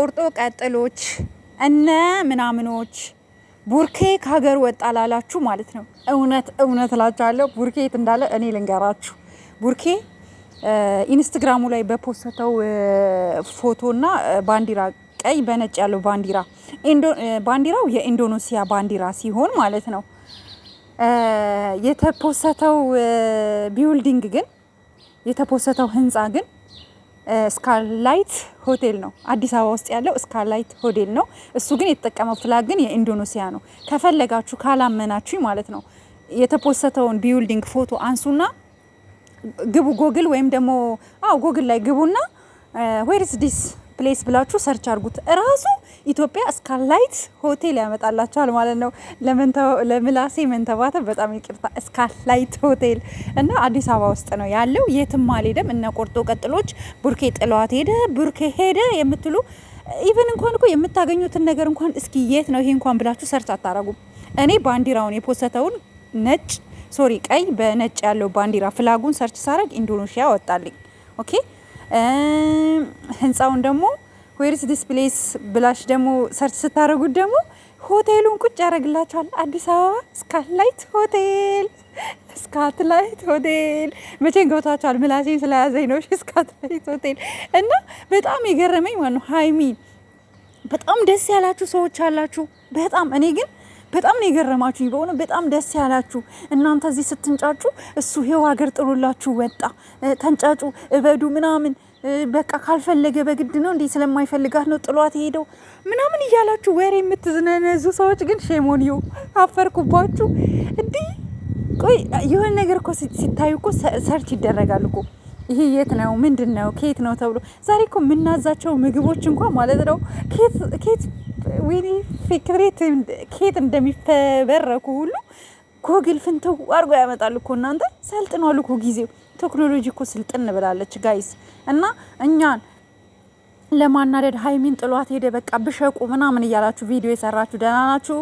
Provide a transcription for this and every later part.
ቆርጦ ቀጥሎች እነ ምናምኖች ቡርኬ ከሀገር ወጣ ላላችሁ ማለት ነው እውነት እውነት እላችኋለሁ። ቡርኬ የት እንዳለ እኔ ልንገራችሁ። ቡርኬ ኢንስትግራሙ ላይ በፖስተው ፎቶና ባንዲራ ቀይ በነጭ ያለው ባንዲራ ባንዲራው የኢንዶኔሲያ ባንዲራ ሲሆን ማለት ነው የተፖሰተው ቢውልዲንግ ግን የተፖሰተው ህንፃ ግን ስካርላይት ሆቴል ነው። አዲስ አበባ ውስጥ ያለው ስካርላይት ሆቴል ነው። እሱ ግን የተጠቀመው ፍላግ ግን የኢንዶኔሲያ ነው። ከፈለጋችሁ ካላመናችሁ ማለት ነው የተፖሰተውን ቢውልዲንግ ፎቶ አንሱና ግቡ፣ ጎግል ወይም ደግሞ አዎ፣ ጎግል ላይ ግቡና ዌርስ ዲስ ፕሌስ ብላችሁ ሰርች አድርጉት። እራሱ ኢትዮጵያ ስካላይት ሆቴል ያመጣላችኋል ማለት ነው። ለምላሴ መንተባተብ በጣም ይቅርታ። ስካላይት ሆቴል እና አዲስ አበባ ውስጥ ነው ያለው። የትም አልሄደም። እነ ቆርጦ ቀጥሎች ቡርኬ ጥሏት ሄደ፣ ቡርኬ ሄደ የምትሉ ኢቨን እንኳን እኮ የምታገኙትን ነገር እንኳን እስኪ የት ነው ይሄ እንኳን ብላችሁ ሰርች አታረጉም። እኔ ባንዲራውን የፖሰተውን ነጭ ሶሪ ቀይ በነጭ ያለው ባንዲራ ፍላጉን ሰርች ሳረግ ኢንዶኔሽያ ወጣልኝ። ኦኬ ህንፃውን ደግሞ ዌርስ ዲስፕሌስ ብላሽ ደግሞ ሰርች ስታደረጉት ደግሞ ሆቴሉን ቁጭ ያደረግላቸዋል። አዲስ አበባ ስካትላይት ሆቴል ስካትላይት ሆቴል መቼን ገብታችኋል? ምላሴን ስለያዘኝ ነው። ስካትላይት ሆቴል እና በጣም የገረመኝ ማነው ሀይሚ በጣም ደስ ያላችሁ ሰዎች አላችሁ። በጣም እኔ ግን በጣም ነው የገረማችሁ። በሆነ በጣም ደስ ያላችሁ እናንተ እዚህ ስትንጫጩ፣ እሱ ይኸው ሀገር ጥሎላችሁ ወጣ፣ ተንጫጩ፣ እበዱ ምናምን በቃ ካልፈለገ በግድ ነው እንዴ ስለማይፈልጋት ነው ጥሏት ሄደው ምናምን እያላችሁ ወሬ የምትዝነነዙ ሰዎች ግን ይው አፈርኩባችሁ። እንዲህ ቆይ የሆነ ነገር እኮ ሲታዩ እኮ ሰርች ይደረጋል እኮ ይሄ የት ነው ምንድን ነው ከየት ነው ተብሎ ዛሬ እኮ የምናዛቸው ምግቦች እንኳን ማለት ነው ኬት ወይኔ ፊክሬት ኬት እንደሚፈበረኩ ሁሉ ጎግል ፍንትው አድርጎ ያመጣል እኮ እናንተ። ሰልጥኗል እኮ ጊዜው። ቴክኖሎጂ እኮ ስልጥን ብላለች ጋይስ። እና እኛን ለማናደድ ሀይሚን ጥሏት ሄደ፣ በቃ ብሸቁ ምናምን እያላችሁ ቪዲዮ የሰራችሁ ደህና ናችሁ?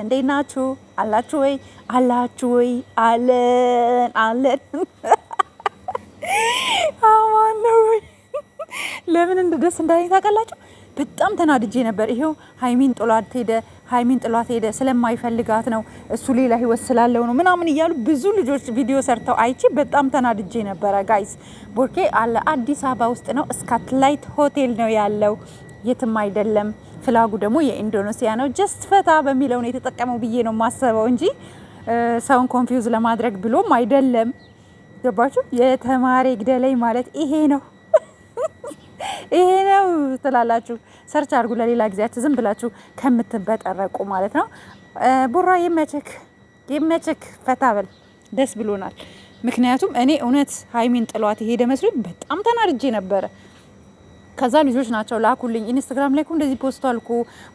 እንዴት ናችሁ? አላችሁ ወይ? አላችሁ ወይ? አለን አለን። አማን ነው ወይ? ለምን እንደ ደስ እንዳለኝ ታውቃላችሁ? በጣም ተናድጄ ነበር። ይሄው ሀይሚን ጥሏት ሄደ፣ ሀይሚን ጥሏት ሄደ፣ ስለማይፈልጋት ነው እሱ ሌላ ህይወት ስላለው ነው ምናምን እያሉ ብዙ ልጆች ቪዲዮ ሰርተው አይቼ በጣም ተናድጄ ነበረ። ጋይስ ቦርኬ አለ አዲስ አበባ ውስጥ ነው፣ ስካትላይት ሆቴል ነው ያለው፣ የትም አይደለም። ፍላጉ ደግሞ የኢንዶኔሲያ ነው። ጀስት ፈታ በሚለው ነው የተጠቀመው ብዬ ነው ማሰበው እንጂ ሰውን ኮንፊውዝ ለማድረግ ብሎም አይደለም። ገባችሁ? የተማሪ ግደለኝ ማለት ይሄ ነው። ይሄ ነው ትላላችሁ። ሰርች አድርጉ ለሌላ ጊዜያችሁ ዝም ብላችሁ ከምትበጠረቁ ማለት ነው። ቡራ ይመችክ፣ ይመችክ፣ ደስ ብሎናል። ምክንያቱም እኔ እውነት ሀይሚን ጥሏት የሄደ መስሎኝ በጣም ተናድጄ ነበረ። ከዛ ልጆች ናቸው ላኩልኝ። ኢንስታግራም ላይ እኮ እንደዚህ ፖስት አልኩ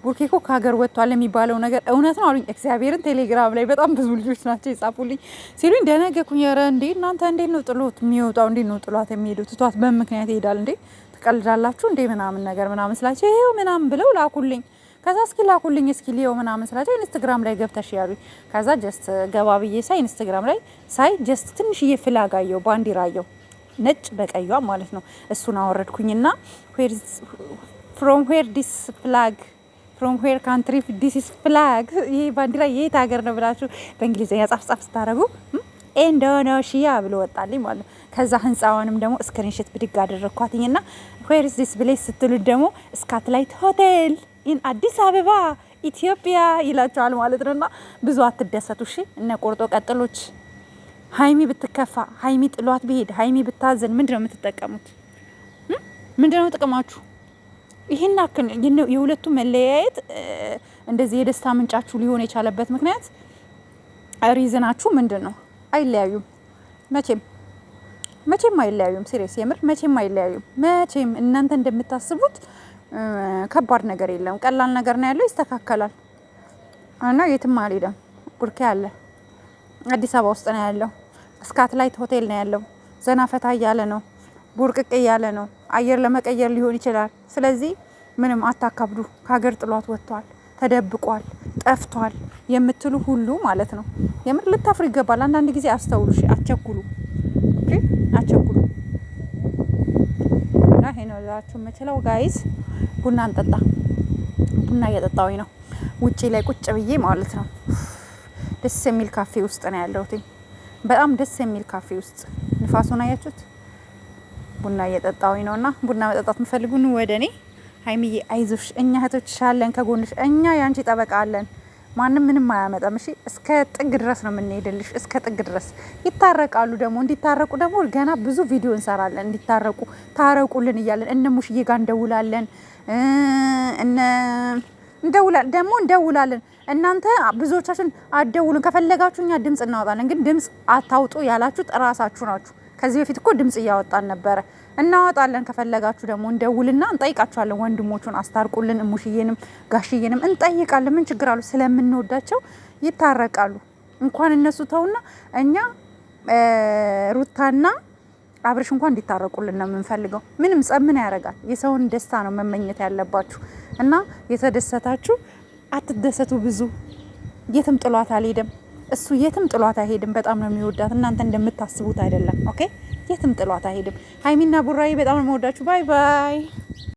ቡርኬኮ ከሀገር ወጥቷል የሚባለው ነገር እውነት ነው አሉኝ። እግዚአብሔርን ቴሌግራም ላይ በጣም ብዙ ልጆች ናቸው ይጻፉልኝ ሲሉኝ ደነገኩኝ። ኧረ እንዴ እናንተ እንዴት ነው ጥሎት የሚወጣው? እንዴት ነው ጥሏት የሚሄደው? ትቷት በምክንያት ይሄዳል እንዴ ትቀልዳላችሁ እንዴ ምናምን ነገር ምናምን ስላቸው ይሄው ምናምን ብለው ላኩልኝ። ከዛ እስኪ ላኩልኝ እስኪ ሊየው ምናምን ስላቸው ኢንስታግራም ላይ ገብተሽ ያሉኝ። ከዛ ጀስት ገባ ብዬ ሳይ ኢንስታግራም ላይ ሳይ ጀስት ትንሽዬ ፍላግ አየው ባንዲራ አየው ነጭ በቀዩዋ ማለት ነው። እሱን አወረድኩኝና ፍሮም ዌር ዲስ ፍላግ ፍሮም ዌር ካንትሪ ዲስ ፍላግ ይሄ ባንዲራ የት ሀገር ነው ብላችሁ በእንግሊዝኛ ጻፍ ጻፍ ስታደረጉ ኢንዶኔሽያ ብሎ ወጣልኝ ማለት ነው። ከዛ ህንፃውንም ደግሞ ስክሪንሽት ብድግ አደረግኳትኝ ና ዌርስ ዲስ ብሌስ ስትሉት ደግሞ ስካትላይት ሆቴል ኢን አዲስ አበባ ኢትዮጵያ ይላቸዋል ማለት ነው። ና ብዙ አትደሰቱ እሺ። እነ ቆርጦ ቀጥሎች ሀይሚ ብትከፋ፣ ሀይሚ ጥሏት ብሄድ፣ ሀይሚ ብታዘን ምንድን ነው የምትጠቀሙት? ምንድን ነው ጥቅማችሁ? ይህን ያክል የሁለቱ መለያየት እንደዚህ የደስታ ምንጫችሁ ሊሆን የቻለበት ምክንያት ሪዝናችሁ ምንድን ነው? አይለያዩም። መቼም መቼም አይለያዩም። ሲሪየስ የምር መቼም አይለያዩም። መቼም እናንተ እንደምታስቡት ከባድ ነገር የለም። ቀላል ነገር ነው ያለው። ይስተካከላል እና የትም አልሄደም። ቡርኬ አለ፣ አዲስ አበባ ውስጥ ነው ያለው። ስካትላይት ሆቴል ነው ያለው። ዘና ፈታ እያለ ነው፣ ቡርቅቅ እያለ ነው። አየር ለመቀየር ሊሆን ይችላል። ስለዚህ ምንም አታካብዱ። ከሀገር ጥሏት ወጥቷል፣ ተደብቋል፣ ጠፍቷል። የምትሉ ሁሉ ማለት ነው የምር ልታፍሩ ይገባል። አንዳንድ ጊዜ አስተውሉ፣ አቸኩሉ፣ አቸኩሉ እና ይሄ ነው ላችሁ የምችለው። ጋይዝ ቡና እንጠጣ። ቡና እየጠጣሁኝ ነው ውጪ ላይ ቁጭ ብዬ ማለት ነው። ደስ የሚል ካፌ ውስጥ ነው ያለሁት። በጣም ደስ የሚል ካፌ ውስጥ ንፋሱን አያችሁት? ቡና እየጠጣሁኝ ነው እና ቡና መጠጣት የምፈልጉ ወደ እኔ ሀይሚዬ አይዞሽ፣ እኛ እህቶችሽ አለን ከጎንሽ፣ እኛ የአንቺ ጠበቃ አለን። ማንም ምንም አያመጣም። እሺ እስከ ጥግ ድረስ ነው የምንሄድልሽ፣ እስከ ጥግ ድረስ ይታረቃሉ። ደግሞ እንዲታረቁ ደግሞ ገና ብዙ ቪዲዮ እንሰራለን። እንዲታረቁ ታረቁልን እያለን እነ ሙሽዬ ጋር እንደውላለን፣ እነ እንደውላለን ደግሞ እንደውላለን። እናንተ ብዙዎቻችን አትደውሉን፣ ከፈለጋችሁ እኛ ድምፅ እናወጣለን። ግን ድምፅ አታውጡ ያላችሁት ጥራሳችሁ ናችሁ። ከዚህ በፊት እኮ ድምጽ እያወጣን ነበረ። እናወጣለን። ከፈለጋችሁ ደግሞ እንደውልና እንጠይቃችኋለን። ወንድሞቹን አስታርቁልን፣ እሙሽዬንም ጋሽዬንም እንጠይቃለን። ምን ችግር አሉ? ስለምንወዳቸው ይታረቃሉ። እንኳን እነሱ ተውና እኛ ሩታና አብርሽ እንኳን እንዲታረቁልን ነው የምንፈልገው። ምንም ጸብ ምን ያደርጋል? የሰውን ደስታ ነው መመኘት ያለባችሁ እና የተደሰታችሁ አትደሰቱ። ብዙ የትም ጥሏት አልሄደም። እሱ የትም ጥሏት አይሄድም። በጣም ነው የሚወዳት። እናንተ እንደምታስቡት አይደለም። ኦኬ፣ የትም ጥሏት አይሄድም። ሀይሚና ቡራዬ በጣም ነው የሚወዳችሁ ባይ ባይ